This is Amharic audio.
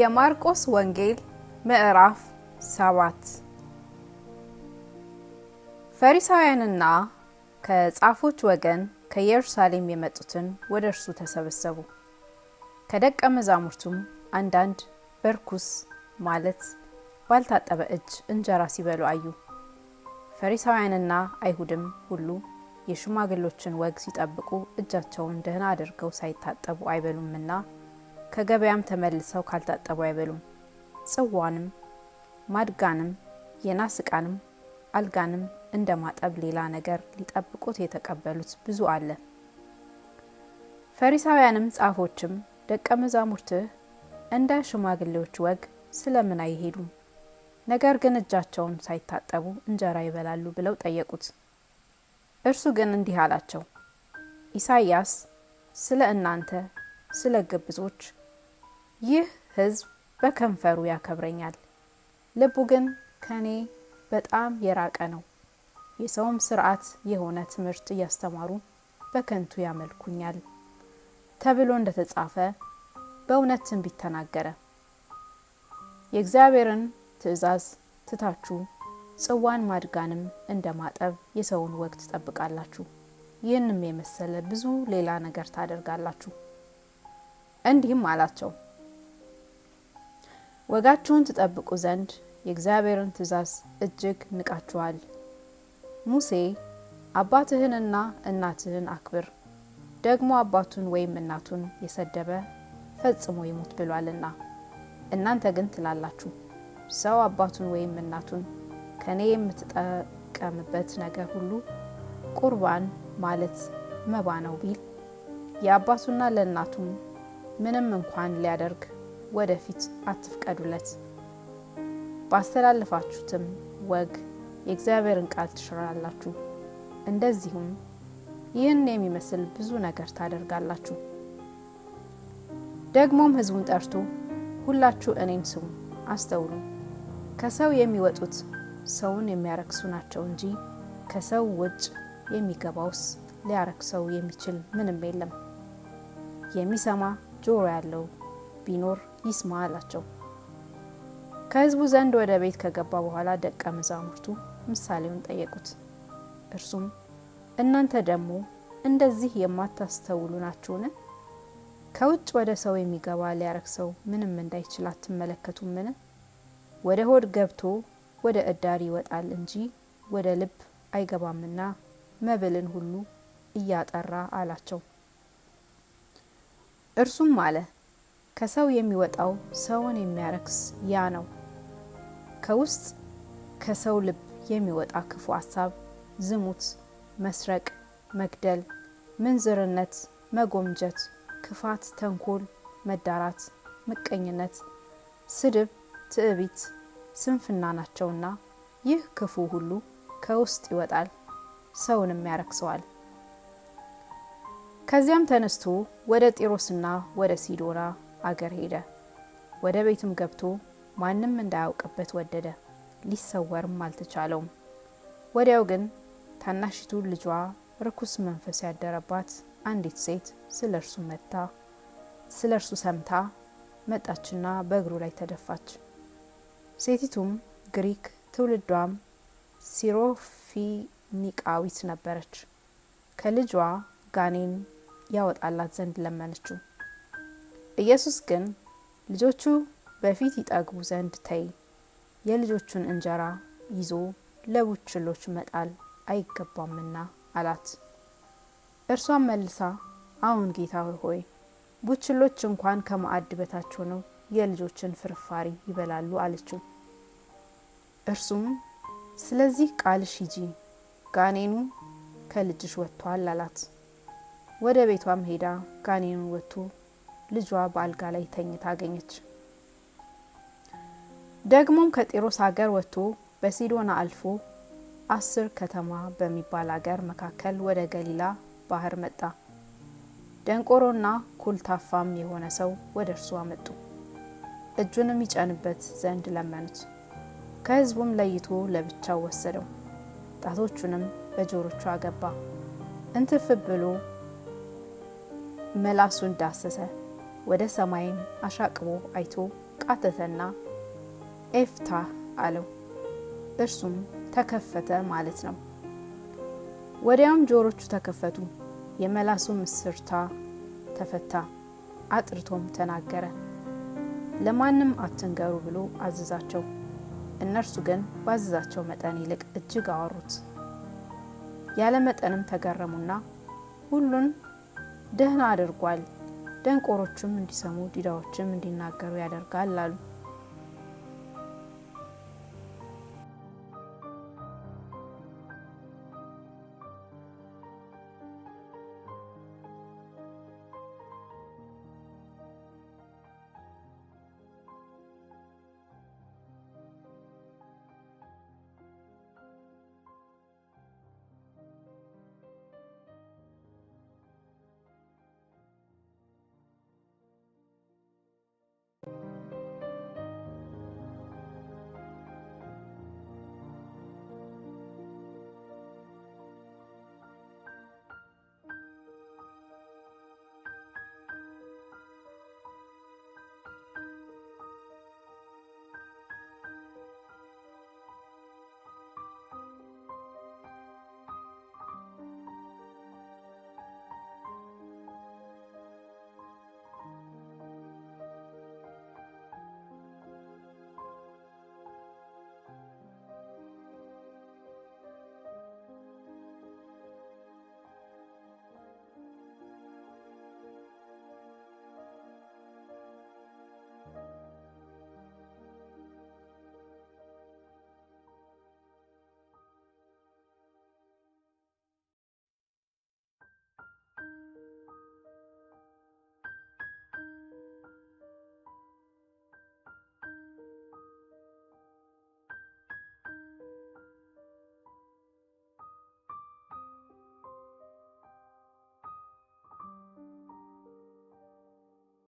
የማርቆስ ወንጌል ምዕራፍ ሰባት ፈሪሳውያንና ከጻፎች ወገን ከኢየሩሳሌም የመጡትን ወደ እርሱ ተሰበሰቡ። ከደቀ መዛሙርቱም አንዳንድ በርኩስ ማለት ባልታጠበ እጅ እንጀራ ሲበሉ አዩ። ፈሪሳውያንና አይሁድም ሁሉ የሽማግሎችን ወግ ሲጠብቁ እጃቸውን ደህና አድርገው ሳይታጠቡ አይበሉምና ከገበያም ተመልሰው ካልታጠቡ አይበሉም። ጽዋንም፣ ማድጋንም፣ የናስ ዕቃንም፣ አልጋንም እንደ ማጠብ ሌላ ነገር ሊጠብቁት የተቀበሉት ብዙ አለ። ፈሪሳውያንም ጻፎችም ደቀ መዛሙርትህ እንደ ሽማግሌዎች ወግ ስለምን አይሄዱም? ነገር ግን እጃቸውን ሳይታጠቡ እንጀራ ይበላሉ ብለው ጠየቁት። እርሱ ግን እንዲህ አላቸው፣ ኢሳይያስ ስለ እናንተ ስለ ግብዞች ይህ ህዝብ በከንፈሩ ያከብረኛል፣ ልቡ ግን ከኔ በጣም የራቀ ነው። የሰውም ስርዓት የሆነ ትምህርት እያስተማሩ በከንቱ ያመልኩኛል ተብሎ እንደተጻፈ በእውነት ትንቢት ተናገረ። የእግዚአብሔርን ትእዛዝ ትታችሁ ጽዋን ማድጋንም እንደ ማጠብ የሰውን ወግ ትጠብቃላችሁ፣ ይህንም የመሰለ ብዙ ሌላ ነገር ታደርጋላችሁ። እንዲህም አላቸው ወጋችሁን ትጠብቁ ዘንድ የእግዚአብሔርን ትእዛዝ እጅግ ንቃችኋል። ሙሴ አባትህንና እናትህን አክብር፣ ደግሞ አባቱን ወይም እናቱን የሰደበ ፈጽሞ ይሙት ብሏልና። እናንተ ግን ትላላችሁ ሰው አባቱን ወይም እናቱን ከእኔ የምትጠቀምበት ነገር ሁሉ ቁርባን ማለት መባ ነው ቢል የአባቱና ለእናቱም ምንም እንኳን ሊያደርግ ወደፊት አትፍቀዱለት። ባስተላለፋችሁትም ወግ የእግዚአብሔርን ቃል ትሽራላችሁ፣ እንደዚሁም ይህን የሚመስል ብዙ ነገር ታደርጋላችሁ። ደግሞም ሕዝቡን ጠርቶ ሁላችሁ እኔን ስሙ፣ አስተውሉ። ከሰው የሚወጡት ሰውን የሚያረክሱ ናቸው እንጂ ከሰው ውጭ የሚገባውስ ሊያረክሰው የሚችል ምንም የለም። የሚሰማ ጆሮ ያለው ቢኖር ይስማ አላቸው። ከህዝቡ ዘንድ ወደ ቤት ከገባ በኋላ ደቀ መዛሙርቱ ምሳሌውን ጠየቁት። እርሱም እናንተ ደግሞ እንደዚህ የማታስተውሉ ናችሁን? ከውጭ ወደ ሰው የሚገባ ሊያረክሰው ምንም እንዳይችል አትመለከቱምን? ወደ ሆድ ገብቶ ወደ እዳር ይወጣል እንጂ ወደ ልብ አይገባምና መብልን ሁሉ እያጠራ አላቸው። እርሱም አለ ከሰው የሚወጣው ሰውን የሚያረክስ ያ ነው። ከውስጥ ከሰው ልብ የሚወጣ ክፉ ሀሳብ፣ ዝሙት፣ መስረቅ፣ መግደል፣ ምንዝርነት፣ መጎምጀት፣ ክፋት፣ ተንኮል፣ መዳራት፣ ምቀኝነት፣ ስድብ፣ ትዕቢት፣ ስንፍና ናቸውና ይህ ክፉ ሁሉ ከውስጥ ይወጣል፣ ሰውንም ያረክሰዋል። ከዚያም ተነስቶ ወደ ጢሮስና ወደ ሲዶና አገር ሄደ። ወደ ቤትም ገብቶ ማንም እንዳያውቅበት ወደደ፣ ሊሰወርም አልተቻለውም። ወዲያው ግን ታናሽቱ ልጇ ርኩስ መንፈስ ያደረባት አንዲት ሴት ስለ እርሱ መታ ስለ እርሱ ሰምታ መጣችና በእግሩ ላይ ተደፋች። ሴቲቱም ግሪክ ትውልዷም ሲሮፊኒቃዊት ነበረች። ከልጇ ጋኔን ያወጣላት ዘንድ ለመነችው። ኢየሱስ ግን ልጆቹ በፊት ይጠግቡ ዘንድ ተይ፣ የልጆቹን እንጀራ ይዞ ለቡችሎች መጣል አይገባምና አላት። እርሷም መልሳ አሁን ጌታ ሆይ ቡችሎች እንኳን ከማዕድ በታች ሆነው የልጆችን ፍርፋሪ ይበላሉ አለችው። እርሱም ስለዚህ ቃልሽ ሂጂ፣ ጋኔኑ ከልጅሽ ወጥቷል አላት። ወደ ቤቷም ሄዳ ጋኔኑን ወጥቶ ልጇ በአልጋ ላይ ተኝታ አገኘች። ደግሞም ከጢሮስ ሀገር ወጥቶ በሲዶና አልፎ አስር ከተማ በሚባል አገር መካከል ወደ ገሊላ ባህር መጣ። ደንቆሮና ኩልታፋም የሆነ ሰው ወደ እርሱ አመጡ። እጁንም ይጨንበት ዘንድ ለመኑት። ከሕዝቡም ለይቶ ለብቻው ወሰደው፣ ጣቶቹንም በጆሮቹ አገባ። እንትፍ ብሎ መላሱን ዳሰሰ። ወደ ሰማይም አሻቅቦ አይቶ ቃተተና ኤፍታ አለው። እርሱም ተከፈተ ማለት ነው። ወዲያውም ጆሮቹ ተከፈቱ፣ የመላሱ ምስርታ ተፈታ፣ አጥርቶም ተናገረ። ለማንም አትንገሩ ብሎ አዘዛቸው። እነርሱ ግን ባዘዛቸው መጠን ይልቅ እጅግ አወሩት። ያለ መጠንም ተገረሙና ሁሉን ደህና አድርጓል ደንቆሮችም እንዲሰሙ ዲዳዎችም እንዲናገሩ ያደርጋል አሉ።